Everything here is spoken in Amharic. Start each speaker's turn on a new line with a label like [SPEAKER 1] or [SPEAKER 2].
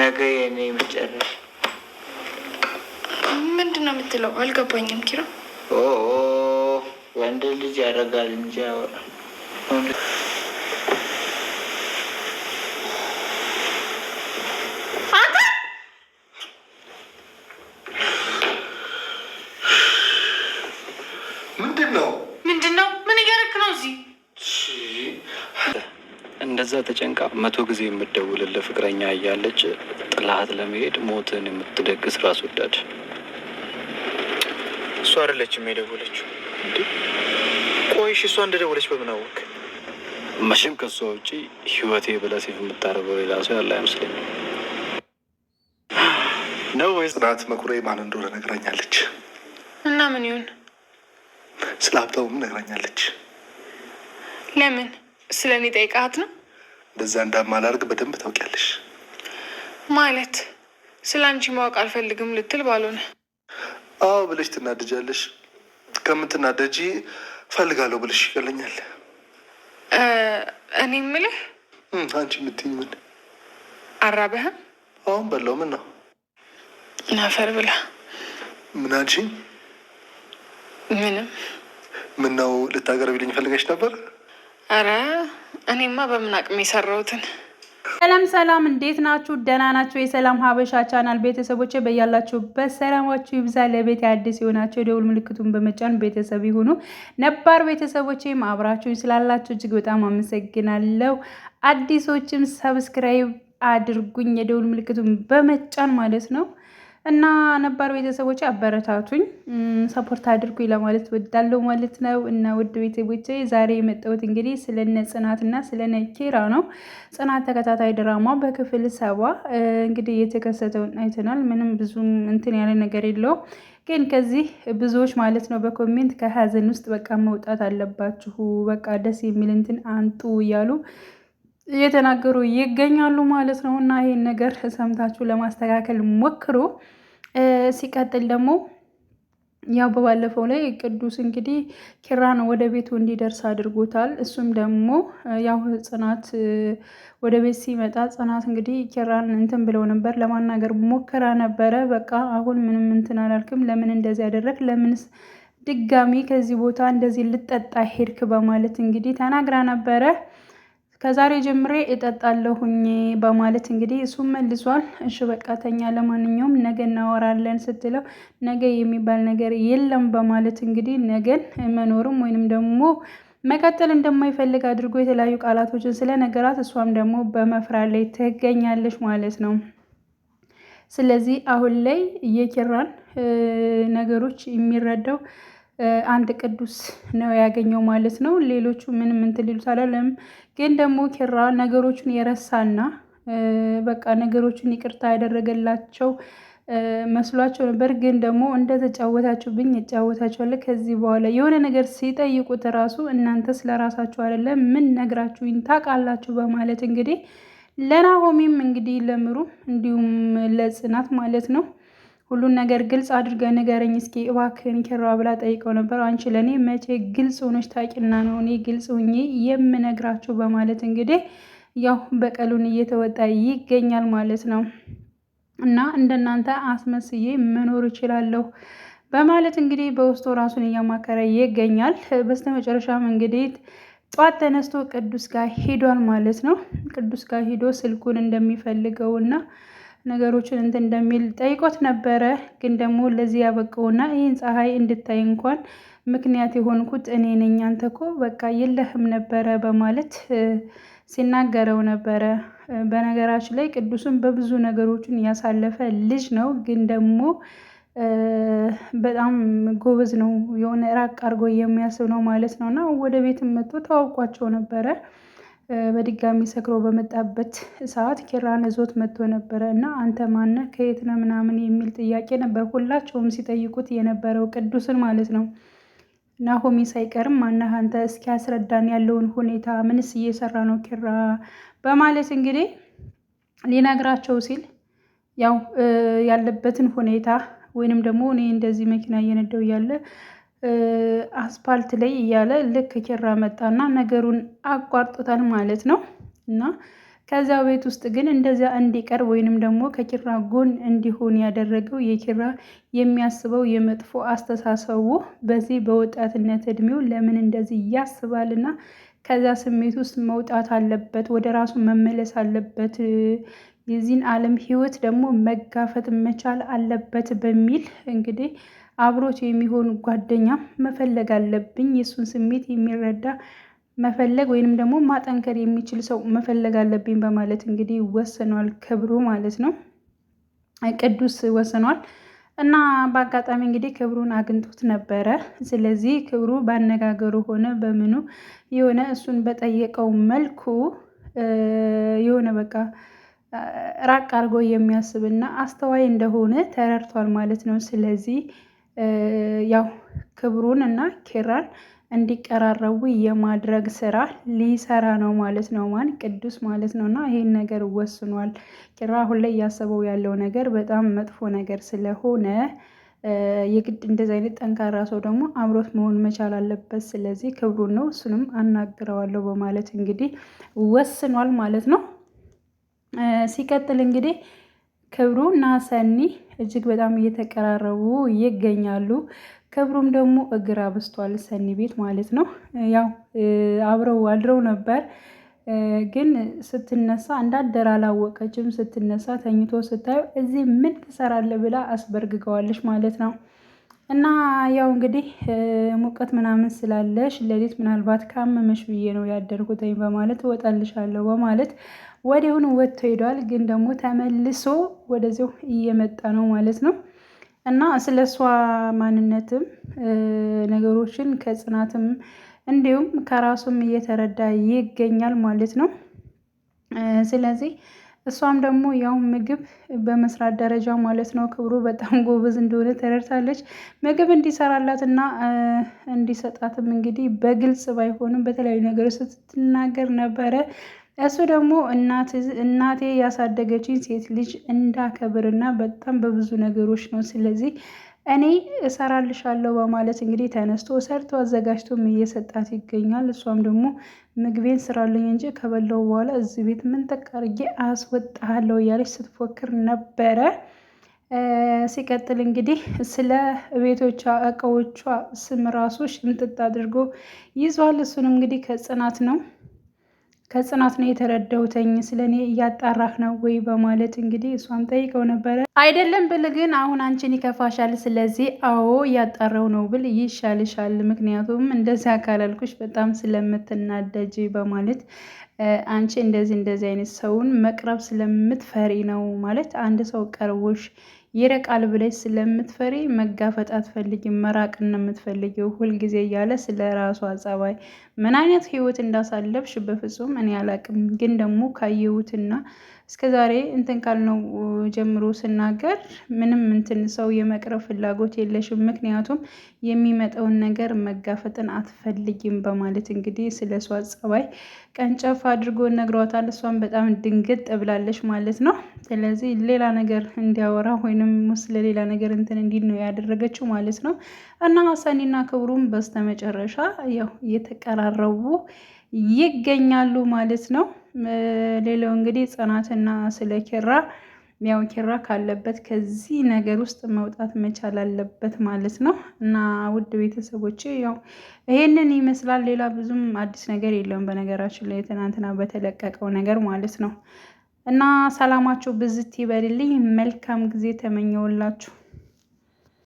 [SPEAKER 1] ነገ የኔ መጨረሻ።
[SPEAKER 2] ምንድን ነው የምትለው? አልገባኝም። ኪራ
[SPEAKER 1] ወንድ ልጅ ያደርጋል እንጂ በዛ ተጨንቃ መቶ ጊዜ የምትደውልልህ ፍቅረኛ እያለች ጥላት ለመሄድ ሞትን የምትደግስ ራስ ወዳድ።
[SPEAKER 3] እሷ አይደለችም የደወለችው። ቆይሽ እሷ እንደደወለች በምን አወቅ?
[SPEAKER 1] መቼም ከእሷ ውጪ ህይወቴ ብለህ ሴፍ የምታደርገው ሌላ ሰው ያለ አይመስለኝም።
[SPEAKER 4] ነው ወይ ጽናት መኩሪያ ማን እንደሆነ ነግራኛለች። እና ምን ይሁን ስለ ሀብታሙም ነግራኛለች።
[SPEAKER 2] ለምን ስለ እኔ ጠይቃት ነው?
[SPEAKER 4] እንደዛ እንዳማላርግ በደንብ ታውቂያለሽ።
[SPEAKER 2] ማለት ስለ አንቺ ማወቅ አልፈልግም ልትል ባልሆነ
[SPEAKER 4] አዎ ብለሽ ትናደጃለሽ። ከምትናደጂ ፈልጋለሁ ብለሽ ይቀለኛል። እኔ የምልህ አንቺ የምትይኝ ምን አራበህም? አሁን በላው ምን ነው ናፈር ብላ ምን አንቺ ምንም ምናው ልታገረብልኝ ፈልገሽ ነበር?
[SPEAKER 2] አረ እኔማ በምን አቅም የሰራሁትን
[SPEAKER 5] ሰላም ሰላም፣ እንዴት ናችሁ? ደህና ናችሁ? የሰላም ሀበሻ ቻናል ቤተሰቦች በያላችሁበት ሰላማችሁ ይብዛ። ለቤት አዲስ የሆናችሁ የደውል ምልክቱን በመጫን ቤተሰብ ይሁኑ። ነባር ቤተሰቦቼም አብራችሁ ስላላችሁ እጅግ በጣም አመሰግናለሁ። አዲሶችም ሰብስክራይብ አድርጉኝ፣ የደውል ምልክቱን በመጫን ማለት ነው። እና ነባር ቤተሰቦች አበረታቱኝ፣ ሰፖርት አድርጉኝ ለማለት ወዳለው ማለት ነው። እና ውድ ቤተሰቦች ዛሬ የመጣሁት እንግዲህ ስለነ ጽናትና ስለነ ኬራ ነው። ጽናት ተከታታይ ድራማ በክፍል ሰባ እንግዲህ የተከሰተውን አይተናል። ምንም ብዙም እንትን ያለ ነገር የለውም። ግን ከዚህ ብዙዎች ማለት ነው በኮሜንት ከሀዘን ውስጥ በቃ መውጣት አለባችሁ፣ በቃ ደስ የሚል እንትን አንጡ እያሉ እየተናገሩ ይገኛሉ ማለት ነው። እና ይህን ነገር ሰምታችሁ ለማስተካከል ሞክሩ። ሲቀጥል ደግሞ ያው በባለፈው ላይ ቅዱስ እንግዲህ ኪራን ወደ ቤቱ እንዲደርስ አድርጎታል። እሱም ደግሞ ያው ጽናት ወደ ቤት ሲመጣ ጽናት እንግዲህ ኪራን እንትን ብለው ነበር፣ ለማናገር ሞከራ ነበረ። በቃ አሁን ምንም እንትን አላልክም፣ ለምን እንደዚህ ያደረግ፣ ለምንስ ድጋሚ ከዚህ ቦታ እንደዚህ ልጠጣ ሄድክ? በማለት እንግዲህ ተናግራ ነበረ። ከዛሬ ጀምሬ እጠጣለሁኝ በማለት እንግዲህ እሱም መልሷል። እሺ በቃ ተኛ፣ ለማንኛውም ነገ እናወራለን ስትለው ነገ የሚባል ነገር የለም በማለት እንግዲህ ነገን መኖርም ወይንም ደግሞ መቀጠል እንደማይፈልግ አድርጎ የተለያዩ ቃላቶችን ስለ ነገራት እሷም ደግሞ በመፍራት ላይ ትገኛለች ማለት ነው። ስለዚህ አሁን ላይ የኪራን ነገሮች የሚረዳው አንድ ቅዱስ ነው ያገኘው ማለት ነው። ሌሎቹ ምንም እንትን ሊሉት አላለም። ግን ደግሞ ኪራ ነገሮቹን የረሳና በቃ ነገሮቹን ይቅርታ ያደረገላቸው መስሏቸው ነበር። ግን ደግሞ እንደተጫወታችሁብኝ እጫወታችኋለሁ። ከዚህ በኋላ የሆነ ነገር ሲጠይቁት ራሱ እናንተ ስለ አለ አይደለም ምን ነግራችሁኝ ታውቃላችሁ? በማለት እንግዲህ ለናሆሚም እንግዲህ ለምሩ እንዲሁም ለጽናት ማለት ነው ሁሉን ነገር ግልጽ አድርገህ ንገረኝ እስኪ እባክህን ኪራ ብላ ጠይቀው ነበር። አንቺ ለእኔ መቼ ግልጽ ሆነች ታቂና ነው እኔ ግልጽ ሁኜ የምነግራችሁ በማለት እንግዲህ ያው በቀሉን እየተወጣ ይገኛል ማለት ነው። እና እንደናንተ አስመስዬ መኖር እችላለሁ በማለት እንግዲህ በውስጡ ራሱን እያማከረ ይገኛል። በስተመጨረሻም እንግዲህ ጧት ተነስቶ ቅዱስ ጋር ሄዷል ማለት ነው። ቅዱስ ጋር ሄዶ ስልኩን እንደሚፈልገውና ነገሮችን እንትን እንደሚል ጠይቆት ነበረ። ግን ደግሞ ለዚህ ያበቃውና ይህን ፀሐይ እንድታይ እንኳን ምክንያት የሆንኩት እኔ ነኝ፣ አንተ እኮ በቃ የለህም ነበረ በማለት ሲናገረው ነበረ። በነገራችን ላይ ቅዱስም በብዙ ነገሮችን ያሳለፈ ልጅ ነው። ግን ደግሞ በጣም ጎበዝ ነው። የሆነ ራቅ አድርጎ የሚያስብ ነው ማለት ነው። እና ወደ ቤትም መጥቶ ታዋውቋቸው ነበረ። በድጋሚ ሰክሮ በመጣበት ሰዓት ኪራን እዞት መጥቶ ነበረ እና አንተ ማነ ከየት ነህ ምናምን የሚል ጥያቄ ነበር ሁላቸውም ሲጠይቁት የነበረው ቅዱስን ማለት ነው። ናሆሚ ሳይቀርም ማነህ አንተ እስኪ ያስረዳን ያለውን ሁኔታ ምንስ እየሰራ ነው ኪራ በማለት እንግዲህ ሊነግራቸው ሲል ያው ያለበትን ሁኔታ ወይንም ደግሞ እኔ እንደዚህ መኪና እየነዳው እያለ አስፓልት ላይ እያለ ልክ ኪራ መጣና ነገሩን አቋርጦታል ማለት ነው። እና ከዛ ቤት ውስጥ ግን እንደዛ እንዲቀር ወይንም ደግሞ ከኪራ ጎን እንዲሆን ያደረገው የኪራ የሚያስበው የመጥፎ አስተሳሰቡ በዚህ በወጣትነት እድሜው ለምን እንደዚህ ያስባልና ከዛ ስሜት ውስጥ መውጣት አለበት፣ ወደ ራሱ መመለስ አለበት፣ የዚህን ዓለም ህይወት ደግሞ መጋፈጥ መቻል አለበት በሚል እንግዲህ አብሮት የሚሆኑ ጓደኛ መፈለግ አለብኝ። የእሱን ስሜት የሚረዳ መፈለግ ወይንም ደግሞ ማጠንከር የሚችል ሰው መፈለግ አለብኝ በማለት እንግዲህ ወስኗል ክብሩ ማለት ነው። ቅዱስ ወስኗል እና በአጋጣሚ እንግዲህ ክብሩን አግኝቶት ነበረ። ስለዚህ ክብሩ ባነጋገሩ ሆነ በምኑ የሆነ እሱን በጠየቀው መልኩ የሆነ በቃ ራቅ አድርጎ የሚያስብና አስተዋይ እንደሆነ ተረድቷል ማለት ነው። ስለዚህ ያው ክብሩን እና ኪራን እንዲቀራረቡ የማድረግ ስራ ሊሰራ ነው ማለት ነው። ማን ቅዱስ ማለት ነው። እና ይህን ነገር ወስኗል። ኪራ አሁን ላይ እያሰበው ያለው ነገር በጣም መጥፎ ነገር ስለሆነ የግድ እንደዚህ አይነት ጠንካራ ሰው ደግሞ አብሮት መሆን መቻል አለበት። ስለዚህ ክብሩን ነው እሱንም አናግረዋለሁ በማለት እንግዲህ ወስኗል ማለት ነው። ሲቀጥል እንግዲህ ክብሩ እና ሰኒ እጅግ በጣም እየተቀራረቡ ይገኛሉ። ክብሩም ደግሞ እግር አብስቷል ሰኒ ቤት ማለት ነው። ያው አብረው አድረው ነበር ግን ስትነሳ እንዳደር አላወቀችም። ስትነሳ ተኝቶ ስታዩ እዚህ ምን ትሰራለህ ብላ አስበርግገዋለች ማለት ነው። እና ያው እንግዲህ ሙቀት ምናምን ስላለሽ ሌሊት ምናልባት ካመመሽ ብዬ ነው ያደርኩትኝ በማለት እወጣልሻለሁ በማለት ወዲያውኑ ወጥቶ ሄዷል። ግን ደግሞ ተመልሶ ወደዚው እየመጣ ነው ማለት ነው። እና ስለ እሷ ማንነትም ነገሮችን ከጽናትም እንዲሁም ከራሱም እየተረዳ ይገኛል ማለት ነው። ስለዚህ እሷም ደግሞ ያው ምግብ በመስራት ደረጃ ማለት ነው ክብሩ በጣም ጎበዝ እንደሆነ ተረድታለች። ምግብ እንዲሰራላትና እንዲሰጣትም እንግዲህ በግልጽ ባይሆንም በተለያዩ ነገሮች ስትናገር ነበረ። እሱ ደግሞ እናቴ ያሳደገችኝ ሴት ልጅ እንዳከብርና በጣም በብዙ ነገሮች ነው። ስለዚህ እኔ እሰራልሻለሁ በማለት እንግዲህ ተነስቶ ሰርቶ አዘጋጅቶም እየሰጣት ይገኛል። እሷም ደግሞ ምግቤን ስራልኝ እንጂ ከበላው በኋላ እዚህ ቤት ምን ተቃርጌ አስወጣለሁ እያለች ስትፎክር ነበረ። ሲቀጥል እንግዲህ ስለ ቤቶቿ እቃዎቿ ስም ራሱ ሽምጥጥ አድርጎ ይዟል። እሱንም እንግዲህ ከጽናት ነው ከጽናት ነው የተረዳሁትኝ ስለኔ እያጣራህ ነው ወይ በማለት እንግዲህ እሷም ጠይቀው ነበረ። አይደለም ብል ግን አሁን አንቺን ይከፋሻል። ስለዚህ አዎ እያጣራው ነው ብል ይሻልሻል። ምክንያቱም እንደዚያ ካላልኩሽ በጣም ስለምትናደጅ በማለት አንቺ እንደዚህ እንደዚህ አይነት ሰውን መቅረብ ስለምትፈሪ ነው ማለት አንድ ሰው ቀርቦሽ ይረቃል ብለሽ ስለምትፈሪ መጋፈጥ አትፈልጊም፣ መራቅ ነው የምትፈልጊው ሁልጊዜ እያለ ስለ ራሷ ጸባይ ምን አይነት ህይወት እንዳሳለፍሽ በፍጹም እኔ አላቅም። ግን ደግሞ ካየሁትና እስከዛሬ እንትን ካልነው ጀምሮ ስና ለመናገር ምንም እንትን ሰው የመቅረብ ፍላጎት የለሽም፣ ምክንያቱም የሚመጣውን ነገር መጋፈጥን አትፈልጊም በማለት እንግዲህ ስለ እሷ ጸባይ ቀንጨፍ አድርጎ ነግሯታል። እሷን በጣም ድንግጥ ብላለች ማለት ነው። ስለዚህ ሌላ ነገር እንዲያወራ ወይንም ስለሌላ ነገር እንትን እንዲል ነው ያደረገችው ማለት ነው። እና ሰኒና ክብሩም በስተመጨረሻ ያው እየተቀራረቡ ይገኛሉ ማለት ነው። ሌላው እንግዲህ ጽናትና ስለ ኪራ ያው ኪራ ካለበት ከዚህ ነገር ውስጥ መውጣት መቻል አለበት ማለት ነው። እና ውድ ቤተሰቦች ያው ይሄንን ይመስላል። ሌላ ብዙም አዲስ ነገር የለውም በነገራችን ላይ ትናንትና በተለቀቀው ነገር ማለት ነው። እና ሰላማችሁ ብዝት ይበልልኝ። መልካም ጊዜ ተመኘውላችሁ።